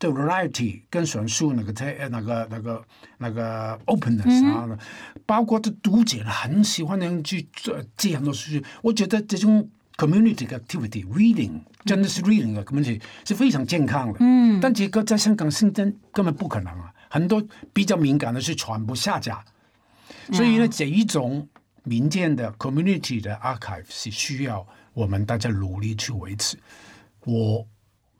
The variety 跟選書，那個呃，那個，那個那個那個 openness、嗯啊、包括這讀者很喜歡那咧去借借很多書。我覺得這種 community activity，reading 真的是 reading 啊，嗯，根本是是非常健康的，嗯，但這個在香港深圳根本不可能啊，很多比較敏感的是全部下架，所以呢，嗯、這一種民間的 community 的 archive 是需要我們大家努力去維持。我。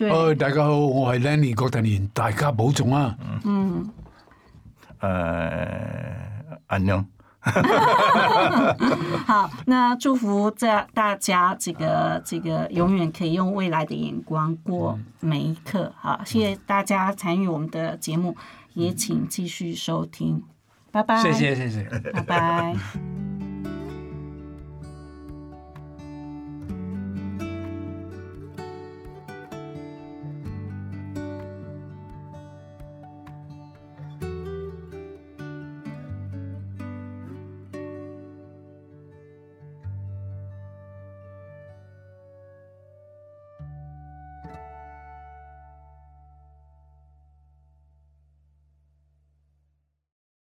哦、大家好，我係 Lenny 郭達年，大家保重啊！嗯，uh, 嗯 好，那祝福大家，這個，這個這個，永遠可以用未來的眼光過每一刻。好，謝謝大家參與我們的節目，也請繼續收聽，拜拜，謝謝，謝謝，拜拜。Bye bye